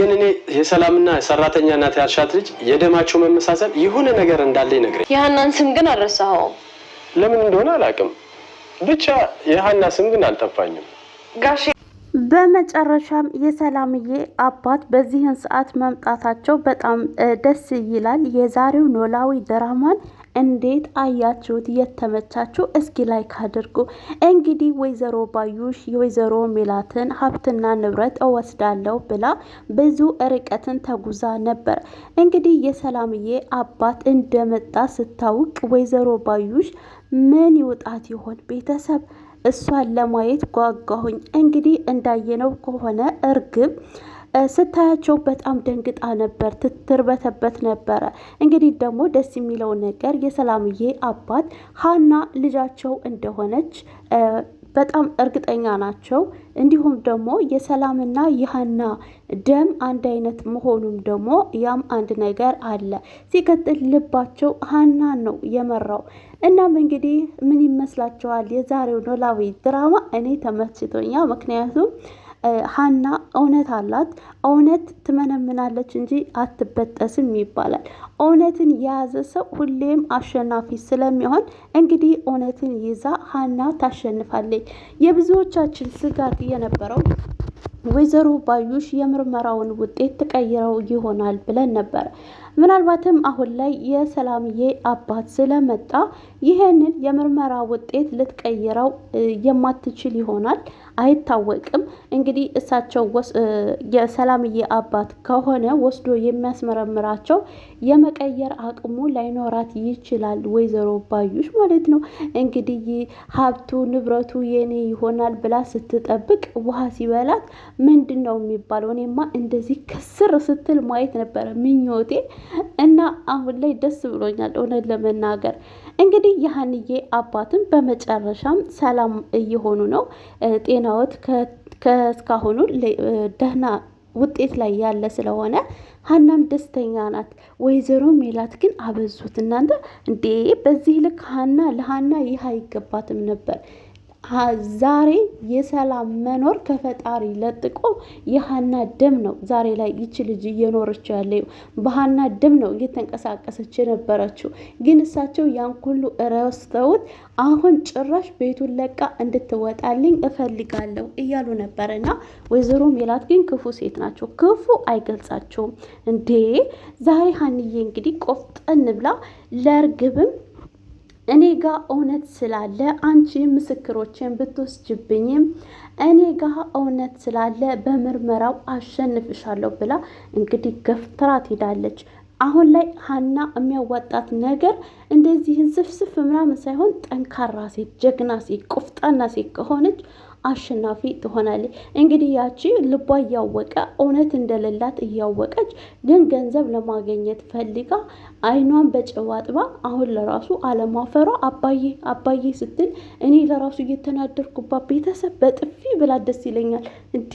ግን እኔ የሰላምና ሰራተኛ ናት ያልሻት ልጅ የደማቸው መመሳሰል የሆነ ነገር እንዳለ ይነግረኝ። የሀናን ስም ግን አልረሳኸውም? ለምን እንደሆነ አላውቅም፣ ብቻ የሀና ስም ግን አልጠፋኝም ጋሼ። በመጨረሻም የሰላምዬ አባት በዚህን ሰዓት መምጣታቸው በጣም ደስ ይላል። የዛሬው ኖላዊ ድራማን እንዴት አያችሁት? የተመቻችሁ እስኪ ላይክ አድርጉ። እንግዲህ ወይዘሮ ባዩሽ የወይዘሮ ሜላትን ሀብትና ንብረት እወስዳለሁ ብላ ብዙ ርቀትን ተጉዛ ነበር። እንግዲህ የሰላምዬ አባት እንደመጣ ስታውቅ ወይዘሮ ባዩሽ ምን ይውጣት ይሆን? ቤተሰብ እሷን ለማየት ጓጓሁኝ። እንግዲህ እንዳየነው ከሆነ እርግብ ስታያቸው በጣም ደንግጣ ነበር፣ ትትርበተበት ነበረ። እንግዲህ ደግሞ ደስ የሚለው ነገር የሰላምዬ አባት ሀና ልጃቸው እንደሆነች በጣም እርግጠኛ ናቸው። እንዲሁም ደግሞ የሰላምና የሀና ደም አንድ አይነት መሆኑም ደግሞ ያም አንድ ነገር አለ። ሲቀጥል ልባቸው ሀናን ነው የመራው። እናም እንግዲህ ምን ይመስላችኋል የዛሬው ኖላዊ ድራማ? እኔ ተመችቶኛ ምክንያቱም ሀና እውነት አላት። እውነት ትመነምናለች እንጂ አትበጠስም ይባላል። እውነትን የያዘ ሰው ሁሌም አሸናፊ ስለሚሆን እንግዲህ እውነትን ይዛ ሀና ታሸንፋለች። የብዙዎቻችን ስጋት የነበረው ወይዘሮ ባዩሽ የምርመራውን ውጤት ተቀይረው ይሆናል ብለን ነበር። ምናልባትም አሁን ላይ የሰላምዬ አባት ስለመጣ ይህንን የምርመራ ውጤት ልትቀይረው የማትችል ይሆናል፣ አይታወቅም። እንግዲህ እሳቸው የሰላምዬ አባት ከሆነ ወስዶ የሚያስመረምራቸው የመቀየር አቅሙ ላይኖራት ይችላል፣ ወይዘሮ ባዩሽ ማለት ነው። እንግዲህ ሀብቱ ንብረቱ የኔ ይሆናል ብላ ስትጠብቅ ውሃ ሲበላት ምንድን ነው የሚባለው? እኔማ እንደዚህ ክስር ስትል ማየት ነበረ ምኞቴ እና አሁን ላይ ደስ ብሎኛል እውነት ለመናገር እንግዲህ የሀንዬ አባትም በመጨረሻም ሰላም እየሆኑ ነው። ጤናዎት ከእስካሁኑ ደህና ውጤት ላይ ያለ ስለሆነ ሀናም ደስተኛ ናት። ወይዘሮ ሜላት ግን አበዙት እናንተ እንዴ! በዚህ ልክ ሀና ለሀና ይህ አይገባትም ነበር ዛሬ የሰላም መኖር ከፈጣሪ ለጥቆ የሀና ደም ነው። ዛሬ ላይ ይች ልጅ እየኖረችው ያለው በሀና ደም ነው እየተንቀሳቀሰች የነበረችው። ግን እሳቸው ያን ሁሉ ረስተውት አሁን ጭራሽ ቤቱን ለቃ እንድትወጣልኝ እፈልጋለሁ እያሉ ነበረና ወይዘሮ ሜላት ግን ክፉ ሴት ናቸው። ክፉ አይገልጻቸውም እንዴ! ዛሬ ሀንዬ እንግዲህ ቆፍጠን ብላ ለእርግብም እኔ ጋ እውነት ስላለ አንቺ ምስክሮችን ብትወስጅብኝም እኔ ጋ እውነት ስላለ በምርመራው አሸንፍሻለሁ ብላ እንግዲህ ገፍትራ ትሄዳለች። አሁን ላይ ሀና የሚያዋጣት ነገር እንደዚህን ስፍስፍ ምናምን ሳይሆን ጠንካራ ሴት፣ ጀግና ሴት፣ ቁፍጣና ሴት ከሆነች አሸናፊ ትሆናለች። እንግዲህ ያቺ ልቧ እያወቀ እውነት እንደሌላት እያወቀች ግን ገንዘብ ለማገኘት ፈልጋ አይኗን በጨው አጥባ አሁን ለራሱ አለማፈሯ አባዬ አባዬ ስትል እኔ ለራሱ እየተናደርኩባት ቤተሰብ በጥፊ ብላ ደስ ይለኛል እንዴ